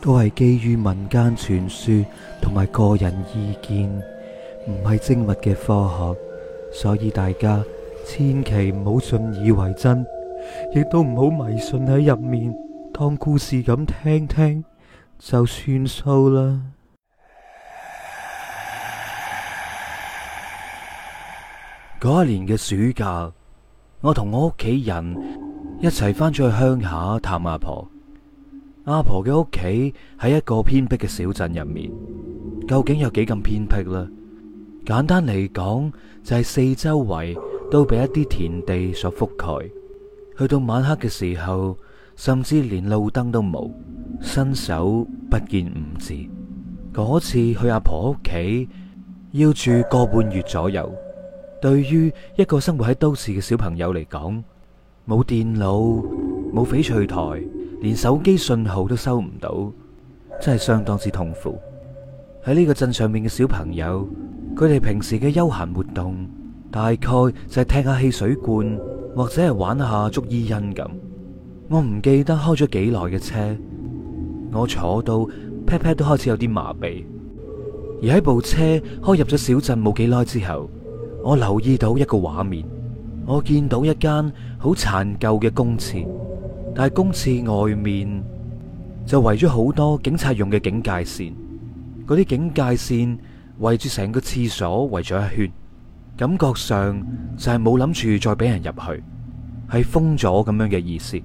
都係基於民間傳說同埋個人意見，唔係精密嘅科學，所以大家千祈唔好信以為真，亦都唔好迷信喺入面當故事咁聽聽，就算數啦。嗰 一年嘅暑假，我同我屋企人一齊翻咗去鄉下探阿婆、婆。阿婆嘅屋企喺一個偏僻嘅小鎮入面，究竟有幾咁偏僻呢？簡單嚟講，就係四周圍都被一啲田地所覆蓋。去到晚黑嘅時候，甚至連路燈都冇，伸手不見五指。嗰次去阿婆屋企要住個半月左右，對於一個生活喺都市嘅小朋友嚟講，冇電腦，冇翡翠台。連手機信號都收唔到，真係相當之痛苦。喺呢個鎮上面嘅小朋友，佢哋平時嘅休閒活動，大概就係踢下汽水罐或者係玩下捉伊人咁。我唔記得開咗幾耐嘅車，我坐到 pat pat 都開始有啲麻痹。而喺部車開入咗小鎮冇幾耐之後，我留意到一個畫面，我見到一間好殘舊嘅公廁。但係公廁外面就圍咗好多警察用嘅警戒線，嗰啲警戒線圍住成個廁所圍咗一圈，感覺上就係冇諗住再俾人入去，係封咗咁樣嘅意思。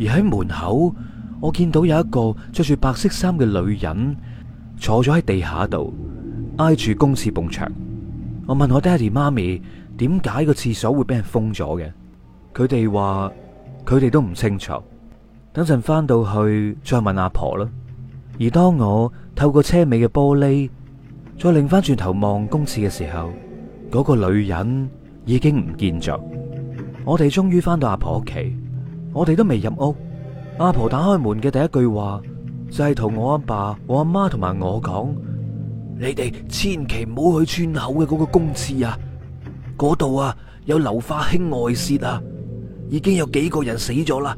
而喺門口，我見到有一個着住白色衫嘅女人坐咗喺地下度，挨住公廁埲牆。我問我爹哋媽咪點解個廁所會俾人封咗嘅？佢哋話。佢哋都唔清楚，等陣翻到去再問阿婆啦。而當我透過車尾嘅玻璃再擰翻轉頭望公廁嘅時候，嗰、那個女人已經唔見咗。我哋終於翻到阿婆屋企，我哋都未入屋。阿婆打開門嘅第一句話就係、是、同我阿爸，爸、我阿媽同埋我講： 你哋千祈唔好去村口嘅嗰個公廁啊，嗰度啊有硫化氫外泄啊！已經有幾個人死咗啦，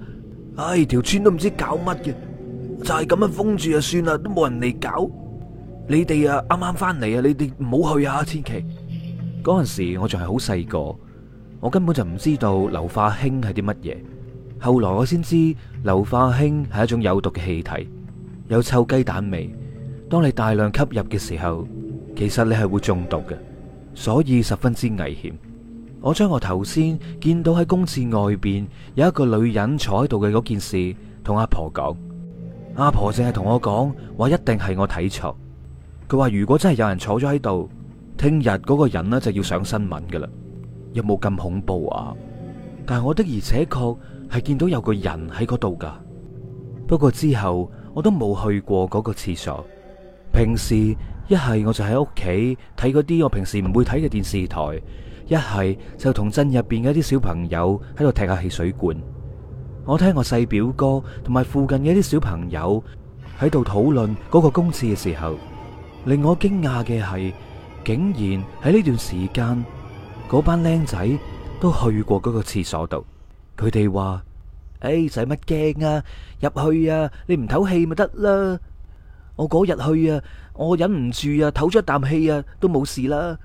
唉、哎，條村都唔知搞乜嘅，就係、是、咁樣封住就算啦，都冇人嚟搞。你哋啊，啱啱翻嚟啊，你哋唔好去啊，千祈。嗰陣 時我仲係好細個，我根本就唔知道硫化氫係啲乜嘢。後來我先知硫化氫係一種有毒嘅氣體，有臭雞蛋味。當你大量吸入嘅時候，其實你係會中毒嘅，所以十分之危險。我將我頭先見到喺公廁外邊有一個女人坐喺度嘅嗰件事同阿婆講，阿婆淨係同我講話一定係我睇錯，佢話如果真係有人坐咗喺度，聽日嗰個人呢就要上新聞噶啦，有冇咁恐怖啊？但係我的而且確係見到有個人喺嗰度噶，不過之後我都冇去過嗰個廁所，平時一係我就喺屋企睇嗰啲我平時唔會睇嘅電視台。一係就同鎮入邊嘅啲小朋友喺度踢下汽水罐。我聽我細表哥同埋附近嘅啲小朋友喺度討論嗰個公廁嘅時候，令我驚訝嘅係，竟然喺呢段時間，嗰班僆仔都去過嗰個廁所度。佢哋話：，誒、哎，使乜驚啊？入去啊，你唔唞氣咪得啦。我嗰日去啊，我忍唔住啊，唞咗一啖氣啊，都冇事啦。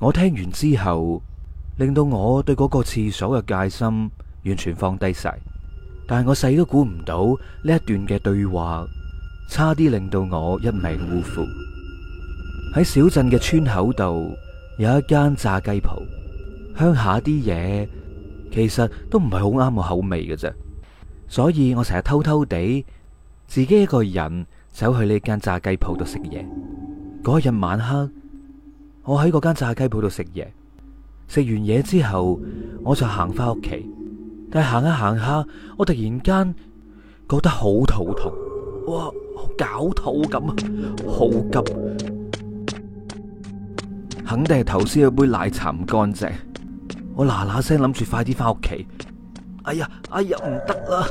我聽完之後，令到我對嗰個廁所嘅戒心完全放低晒。但係我細都估唔到呢一段嘅對話，差啲令到我一命嗚呼。喺小鎮嘅村口度，有一間炸雞鋪。鄉下啲嘢，其實都唔係好啱我口味嘅啫，所以我成日偷偷地自己一個人走去呢間炸雞鋪度食嘢。嗰日晚黑。我喺嗰間炸雞鋪度食嘢，食完嘢之後我就行翻屋企，但係行下行下，我突然間覺得好肚痛，哇，好絞肚咁啊，好急，肯定係頭先嗰杯奶茶唔乾淨，我嗱嗱聲諗住快啲翻屋企，哎呀，哎呀，唔得啦，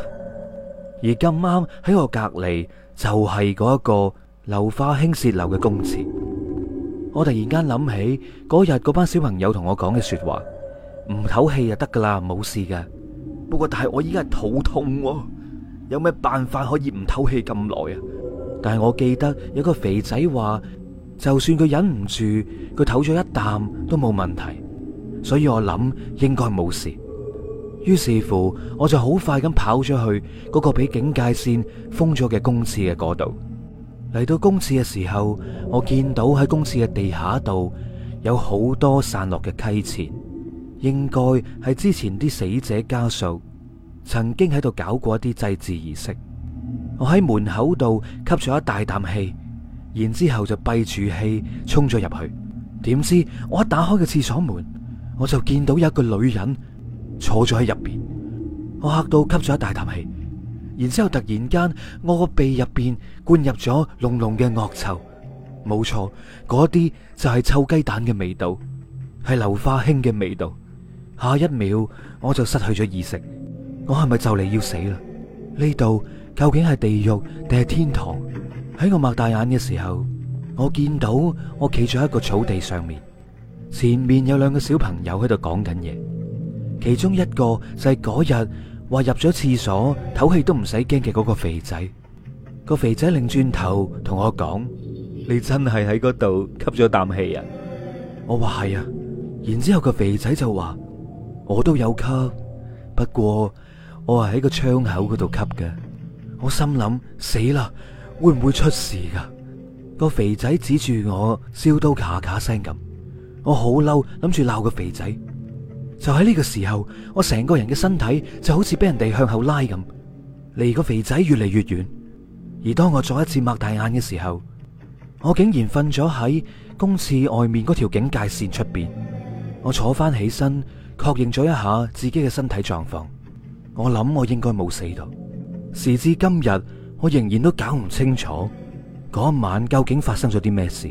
而咁啱喺我隔離就係嗰一個硫化氫泄漏嘅公廁。我突然間諗起嗰日嗰班小朋友同我講嘅說話，唔唞氣就得噶啦，冇事噶。不過但係我依家係肚痛喎，有咩辦法可以唔唞氣咁耐啊？但係我記得有個肥仔話，就算佢忍唔住，佢唞咗一啖都冇問題，所以我諗應該冇事。於是乎，我就好快咁跑出去嗰個俾警戒線封咗嘅公廁嘅嗰度。嚟到公廁嘅時候，我見到喺公廁嘅地下度有好多散落嘅溪錢，應該係之前啲死者家屬曾經喺度搞過一啲祭祀儀式。我喺門口度吸咗一大啖氣，然之後就閉住氣衝咗入去。點知我一打開個廁所門，我就見到有一個女人坐咗喺入邊，我嚇到吸咗一大啖氣。然之後突然間，我個鼻入邊灌入咗濃濃嘅惡臭，冇錯，嗰啲就係臭雞蛋嘅味道，係硫化氫嘅味道。下一秒我就失去咗意識。我係咪就嚟要死啦？呢度究竟係地獄定係天堂？喺我擘大眼嘅時候，我見到我企咗一個草地上面，前面有兩個小朋友喺度講緊嘢，其中一個就係嗰日。話入咗廁所，唞氣都唔使驚嘅嗰個肥仔，個肥仔擰轉頭同我講：你真係喺嗰度吸咗啖氣啊！我話係啊，然之後個肥仔就話：我都有吸，不過我係喺個窗口嗰度吸嘅。我心諗死啦，會唔會出事噶？個肥仔指住我，笑到咔咔聲咁。我好嬲，諗住鬧個肥仔。就喺呢個時候，我成個人嘅身體就好似俾人哋向後拉咁，離個肥仔越嚟越遠。而當我再一次擘大眼嘅時候，我竟然瞓咗喺公廁外面嗰條警戒線出邊。我坐翻起身，確認咗一下自己嘅身體狀況。我諗我應該冇死到。時至今日，我仍然都搞唔清楚嗰晚究竟發生咗啲咩事。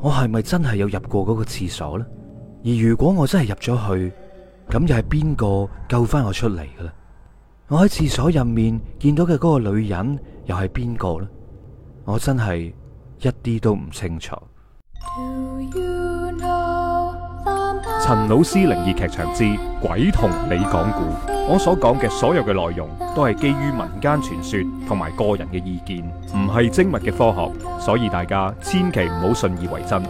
我係咪真係有入過嗰個廁所呢？而如果我真係入咗去，咁又係邊個救翻我出嚟嘅呢？我喺廁所入面見到嘅嗰個女人又係邊個呢？我真係一啲都唔清楚。陳老師靈異劇場之鬼同你講故我所講嘅所有嘅內容都係基於民間傳說同埋個人嘅意見，唔係精密嘅科學，所以大家千祈唔好信以為真，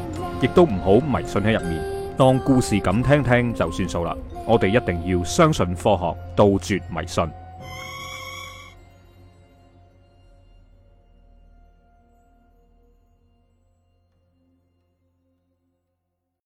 亦都唔好迷信喺入面，當故事咁聽聽就算數啦。我哋一定要相信科學，杜絕迷信。